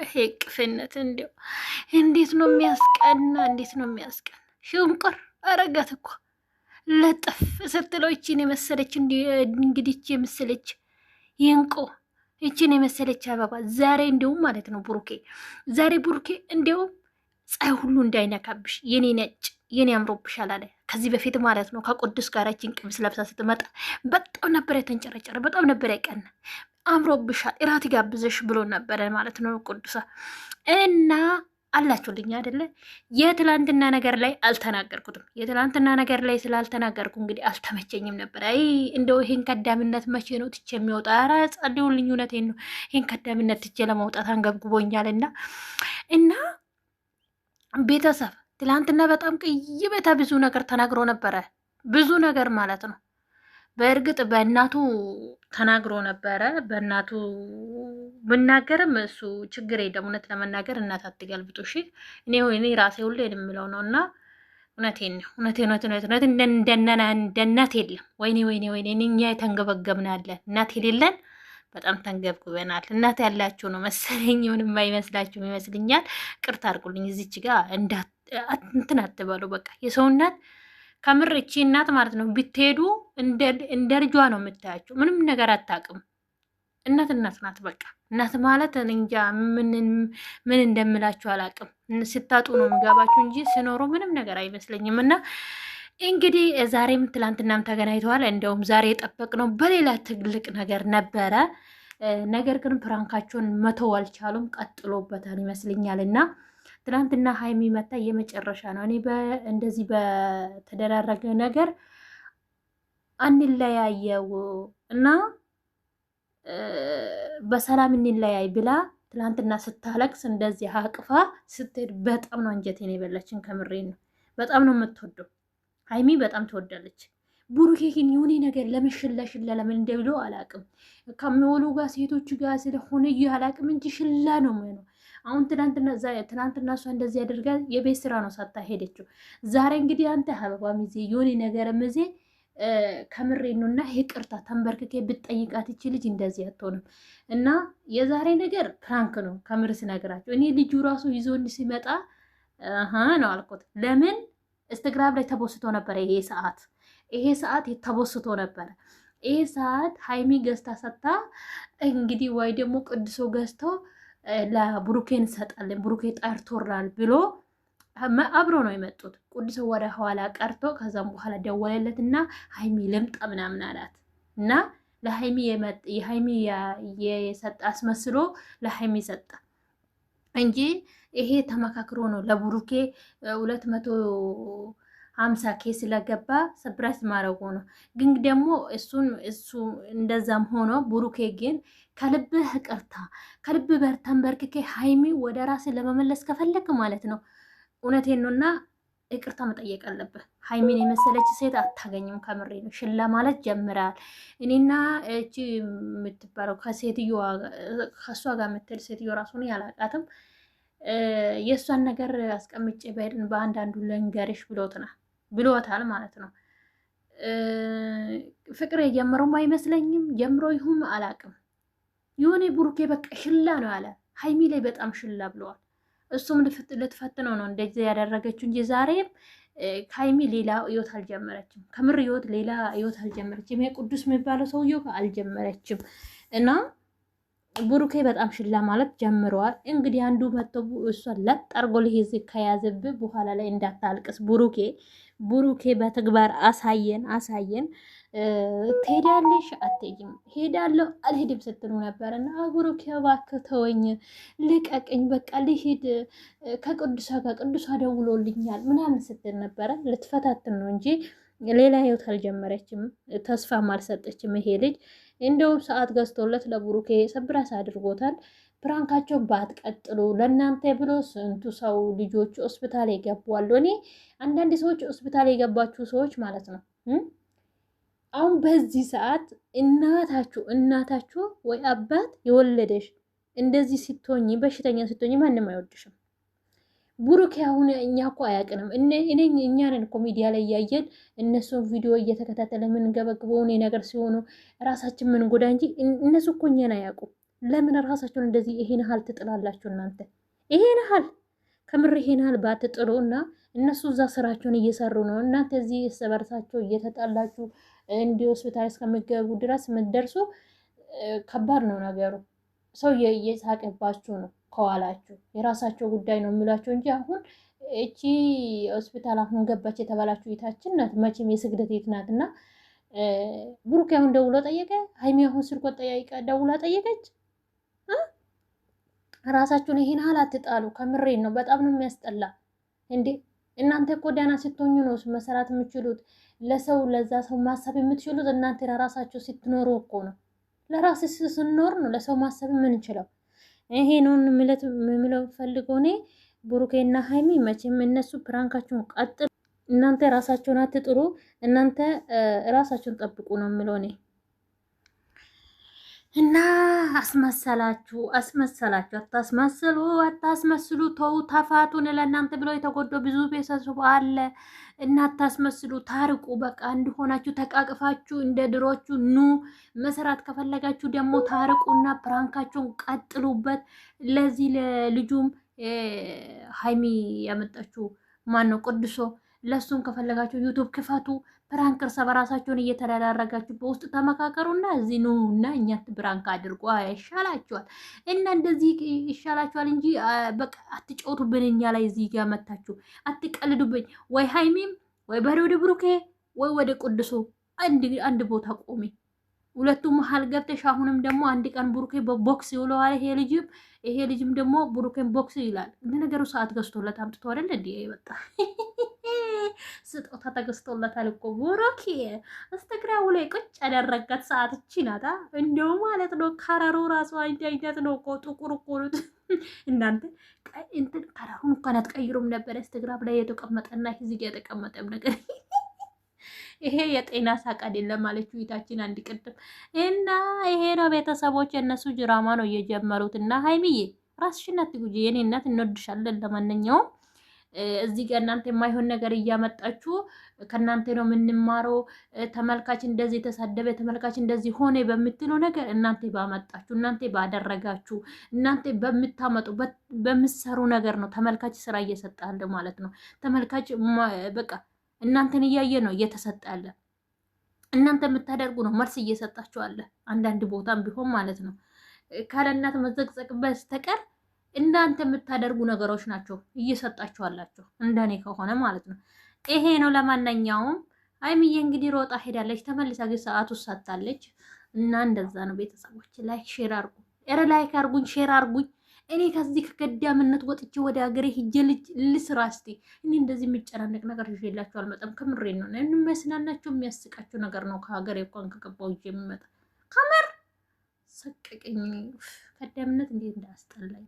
ይሄ ቅፍነት እንዲያው እንዴት ነው የሚያስቀና! እንዴት ነው የሚያስቀና! ሽንቁር አረጋት እኮ ለጠፍ ስትለው ይችን የመሰለች እንግዲህ ይች የመሰለች ይንቆ ይችን የመሰለች አበባ ዛሬ እንዲሁም ማለት ነው ቡሩኬ ዛሬ ቡሩኬ እንዲሁም ፀሐይ ሁሉ እንዳይነካብሽ የኔ ነጭ የኔ አምሮብሻል አለ። ከዚህ በፊት ማለት ነው ከቅዱስ ጋር ይችን ቀሚስ ለብሳ ስትመጣ በጣም ነበር የተንጨረጨረ፣ በጣም ነበር ያቀና፣ አምሮብሻል እራት ጋብዘሽ ብሎ ነበረ ማለት ነው። ቅዱሳ እና አላችሁልኝ አይደለ? የትላንትና ነገር ላይ አልተናገርኩትም። የትላንትና ነገር ላይ ስላልተናገርኩ እንግዲህ አልተመቸኝም ነበር። አይ እንደው ይሄን ከዳምነት መቼ ነው ትቼ የሚወጣ? ኧረ ጸልዩልኝ፣ እውነቴን ነው። ይሄን ከዳምነት ትቼ ለመውጣት አንገብግቦኛል እና እና ቤተሰብ ትላንትና በጣም ቅይ ቅይበታ ብዙ ነገር ተናግሮ ነበረ። ብዙ ነገር ማለት ነው በእርግጥ በእናቱ ተናግሮ ነበረ። በእናቱ ብናገርም እሱ ችግር የለም። እውነት ለመናገር እናት አትገልብጡ። እሺ እኔ እኔ ራሴ ሁሉ የምለው ነው እና እውነቴን እውነቴ እውነት እውነት እውነት እንደ የለም። ወይኔ ወይኔ ወይኔ እኛ የተንገበገብናለን እናት የሌለን በጣም ተንገብግበናል። እናት ያላችሁ ነው መሰለኝ ሆን የማይመስላችሁም ይመስልኛል። ቅርት አድርጉልኝ። እዚች ጋ እንትን አትበሉ። በቃ የሰው እናት ከምር እቺ እናት ማለት ነው ብትሄዱ እንደ ልጇ ነው የምታያቸው። ምንም ነገር አታውቅም። እናት እናት ናት። በቃ እናት ማለት እንጃ ምን እንደምላችሁ አላውቅም። ስታጡ ነው የሚገባችሁ እንጂ ስኖሩ ምንም ነገር አይመስለኝም። እና እንግዲህ ዛሬም ትላንትናም ተገናኝተዋል። እንደውም ዛሬ የጠበቅነው በሌላ ትልቅ ነገር ነበረ። ነገር ግን ፕራንካቸውን መተው አልቻሉም። ቀጥሎበታል ይመስለኛል እና ትናንትና ሀይሚ መታ የመጨረሻ ነው። እኔ እንደዚህ በተደራረገ ነገር አንለያየው እና በሰላም እንለያይ ብላ ትናንትና ስታለቅስ እንደዚህ አቅፋ ስትሄድ በጣም ነው እንጀቴን የበላችን። ከምሬ ነው። በጣም ነው የምትወደው ሀይሚ በጣም ትወዳለች። ብሩኬ ግን የሆነ ነገር ለምን ሽላ ለምን እንደብሎ አላቅም። ከሚወሉ ጋር ሴቶቹ ጋር ስለሆነ ይህ አላቅም እንጂ ሽላ ነው የሚሆነው። አሁን ትናንትና እሷ እንደዚህ አድርጋ የቤት ስራ ነው ሳታ ሄደችው። ዛሬ እንግዲህ አንተ አበባም ይዜ የሆነ ከምሬ ይዜ ከምሬኑና ይቅርታ ተንበርክኬ ብትጠይቃት ይቺ ልጅ እንደዚህ አትሆንም። እና የዛሬ ነገር ፕራንክ ነው ከምር ስነግራቸው እኔ ልጁ ራሱ ይዞን ሲመጣ ነው አልኩት። ለምን ኢንስታግራም ላይ ተቦስቶ ነበረ ይሄ ሰዓት ይሄ ሰዓት ተቦስቶ ነበረ ይሄ ሰዓት ሀይሚ ገዝታ ሰታ እንግዲህ ወይ ደግሞ ቅድሶ ገዝተው ለብሩኬ እንሰጣለን ብሩኬ ጠርቶላል ብሎ አብሮ ነው የመጡት። ቅዱስ ወደ ኋላ ቀርቶ ከዛም በኋላ ደወለለት እና ሀይሚ ልምጣ ምናምን አላት እና ለሀይሚ የሀይሚ የሰጠ አስመስሎ ለሀይሚ ሰጠ እንጂ ይሄ ተመካክሮ ነው ለብሩኬ ሁለት መቶ ሀምሳ ኬ ስለገባ ሰብራስ ማረጉ ነው። ግን ደግሞ እሱን እሱ እንደዛም ሆኖ ብሩኬ ግን ከልብህ ይቅርታ ከልብ በርተን በርክኬ ሀይሚ ወደ ራሴ ለመመለስ ከፈለክ ማለት ነው እውነቴን ነውና ይቅርታ መጠየቅ አለብህ። ሀይሚን የመሰለች ሴት አታገኝም። ከምሬ ነው። ሽላ ማለት ጀምራል። እኔና እቺ የምትባለው ከሴትዮ ከእሷ ጋር የምትል ሴትዮ ራሱ ያላቃትም። የእሷን ነገር አስቀምጬ በሄድን በአንዳንዱ ለንገርሽ ብሎትና ብሎታል ማለት ነው። ፍቅር የጀመረውም አይመስለኝም ጀምሮ ይሁም አላቅም የሆነ ብሩኬ በቃ ሽላ ነው አለ ሀይሚ ላይ በጣም ሽላ ብለዋል። እሱም ልትፈትነው ነው እንደዚህ ያደረገችው እንጂ ዛሬም ከሀይሚ ሌላ ህይወት አልጀመረችም። ከምር ህይወት ሌላ ህይወት አልጀመረችም። ቅዱስ የሚባለው ሰውዬው አልጀመረችም እና ብሩኬ በጣም ሽላ ማለት ጀምረዋል። እንግዲህ አንዱ መጥቶ እሷ ለጥ አርጎ ልሄዝ ከያዘብ በኋላ ላይ እንዳታልቅስ ብሩኬ ብሩኬ በተግባር አሳየን አሳየን። ትሄዳለሽ አትሄጂም፣ ሄዳለሁ አልሄድም ስትሉ ነበር እና ብሩኬ እባክህ ተወኝ፣ ልቀቅኝ፣ በቃ ልሂድ ከቅዱሳ ጋር ቅዱሳ ደውሎልኛል ምናምን ስትል ነበረ። ልትፈታትን ነው እንጂ ሌላ ህይወት አልጀመረችም። ተስፋም አልሰጠችም። ይሄ ልጅ እንደውም ሰዓት ገዝቶለት ለብሩኬ ሰብራስ አድርጎታል። ፕራንካቸውን ባትቀጥሉ ለእናንተ ብሎ ስንቱ ሰው ልጆች ሆስፒታል ይገባሉ። እኔ አንዳንድ ሰዎች ሆስፒታል የገባችሁ ሰዎች ማለት ነው አሁን በዚህ ሰዓት እናታችሁ እናታችሁ ወይ አባት የወለደሽ እንደዚህ ስትሆኝ በሽተኛ ስትሆኝ ማንም አይወድሽም። ብሩክ አሁን እኛ እኮ አያቅንም። እኔ እኛን ነን እኮ ሚዲያ ላይ እያየን እነሱን ቪዲዮ እየተከታተለ የምንገበግበው እኔ ነገር ሲሆኑ ራሳችን ምን ጎዳ እንጂ እነሱ እኮ እኛን አያውቁም። ለምን ራሳቸውን እንደዚህ ይሄን ሀል ትጥላላችሁ እናንተ? ይሄን ሀል ከምር ይሄን ሀል ባትጥሉ እና እነሱ እዛ ስራቸውን እየሰሩ ነው። እናንተ እዚህ እርስ በርሳቸው እየተጣላችሁ እንዲህ ሆስፒታል እስከምገቡ ድረስ የምትደርሱ ከባድ ነው ነገሩ። ሰው እየሳቀባችሁ ነው ከኋላችሁ። የራሳቸው ጉዳይ ነው የሚሏቸው እንጂ አሁን እቺ ሆስፒታል አሁን ገባች የተባላችሁ ቤታችን ናት፣ መቼም የስግደት ቤት ናት። እና ብሩክ አሁን ደውሎ ጠየቀ፣ ሀይሚ አሁን ስልኮ ጠያይቀ ደውላ ጠየቀች። ራሳችሁን ይሄን ያህል አትጣሉ። ከምሬን ነው፣ በጣም ነው የሚያስጠላ እንዴ! እናንተ እኮ ደህና ስትሆኙ ነው መሰራት የምችሉት። ለሰው ለዛ ሰው ማሰብ የምትችሉት እናንተ ለራሳቸው ስትኖሩ እኮ ነው። ለራስ ስኖር ነው ለሰው ማሰብ የምንችለው። ይሄ ነውን ምለት ምለው ፈልገው እኔ ብሩኬና ሀይሚ መቼም እነሱ ፕራንካችሁን ቀጥል፣ እናንተ ራሳችሁን አትጥሩ፣ እናንተ ራሳችሁን ጠብቁ ነው የምለው እኔ እና አስመሰላችሁ አስመሰላችሁ። አታስመስሉ አታስመስሉ፣ ተው ተፋቱን። ለእናንተ ብለው የተጎዶ ብዙ ቤተሰብ አለ እና አታስመስሉ፣ ታርቁ። በቃ እንዲሆናችሁ ተቃቅፋችሁ እንደ ድሮቹ ኑ። መስራት ከፈለጋችሁ ደግሞ ታርቁና ፕራንካችሁን ቀጥሉበት። ለዚህ ለልጁም ሀይሚ ያመጣችሁ ማን ነው? ቅዱሶ ለሱም ከፈለጋችሁ ዩቱብ ክፈቱ። ፕራንክ እርሰ በራሳችሁን እየተደራረጋችሁ በውስጥ ተመካከሩና እዚህ ኑ እና እኛት ብራንክ አድርጎ ይሻላችኋል እና እንደዚህ ይሻላችኋል እንጂ በቃ አትጫወቱብን። እኛ ላይ እዚህ ጋ መታችሁ አትቀልዱብኝ። ወይ ሀይሚም ወይ በሬ ወደ ብሩኬ ወይ ወደ ቅዱሱ አንድ ቦታ ቆሚ። ሁለቱ መሀል ገብተሽ አሁንም ደግሞ አንድ ቀን ብሩኬ በቦክስ ይውለዋል። ይሄ ልጅም ይሄ ልጅም ደግሞ ቡሩኬን ቦክስ ይላል። እንደ ነገሩ ሰዓት ገዝቶለት አምጥቶ አይደል እንዲ ይመጣ ስጦታ ተገዝቶለታል እኮ ብሩኬ። ኢንስታግራሙ ላይ ቁጭ ያደረጋት ሰዓት እቺ ናታ። እንደው ማለት ነው ከረሩ ራሱ አንድ አይነት ነው እኮ ጥቁር እኮ ነው። እናንተ እንትን ከረሩን እንኳን አትቀይሩም ነበር። ኢንስታግራም ላይ የተቀመጠና እዚህ የተቀመጠም ነገር ይሄ የጤና ሳቅ አይደለም ማለች ቤታችን አንድ ቅድም እና ይሄ ነው ቤተሰቦች፣ የእነሱ ድራማ ነው እየጀመሩት እና ሀይሚዬ ራስሽን አትጉጂ የኔ እናት፣ እንወድሻለን ለማንኛውም እዚህ ጋር እናንተ የማይሆን ነገር እያመጣችሁ ከእናንተ ነው የምንማረው፣ ተመልካች እንደዚህ ተሳደበ፣ ተመልካች እንደዚህ ሆነ በምትለው ነገር እናንተ ባመጣችሁ፣ እናንተ ባደረጋችሁ፣ እናንተ በምታመጡ በምሰሩ ነገር ነው ተመልካች ስራ እየሰጣ ያለ ማለት ነው። ተመልካች በቃ እናንተን እያየ ነው እየተሰጠ ያለ። እናንተ የምታደርጉ ነው መልስ እየሰጣችሁ አለ። አንዳንድ ቦታም ቢሆን ማለት ነው ካለ እናት መዘቅዘቅ በስተቀር እናንተ የምታደርጉ ነገሮች ናቸው እየሰጣችሁ እንደኔ ከሆነ ማለት ነው። ይሄ ነው። ለማንኛውም ሀይሚዬ እንግዲህ ሮጣ ሄዳለች፣ ተመልሳ ግን ሰዓቱ ሳታለች እና እንደዛ ነው። ቤተሰቦች ላይክ ሼር አርጉ፣ ኧረ ላይክ አርጉኝ፣ ሼር አርጉኝ። እኔ ከዚህ ከገዳምነት ወጥቼ ወደ ሀገሬ ሂጄ ልጅ ልስራ። እስቲ እኔ እንደዚህ የሚጨናነቅ ነገር ይዤላችሁ አልመጣም። ከምሬ ነው። የሚያስናናቸው የሚያስቃቸው ነገር ነው። ከሀገሬ እንኳን ከገባው ይዤ የምመጣ ከምር ሰቀቀኝ። ገዳምነት እንዴት እንዳያስጠላኝ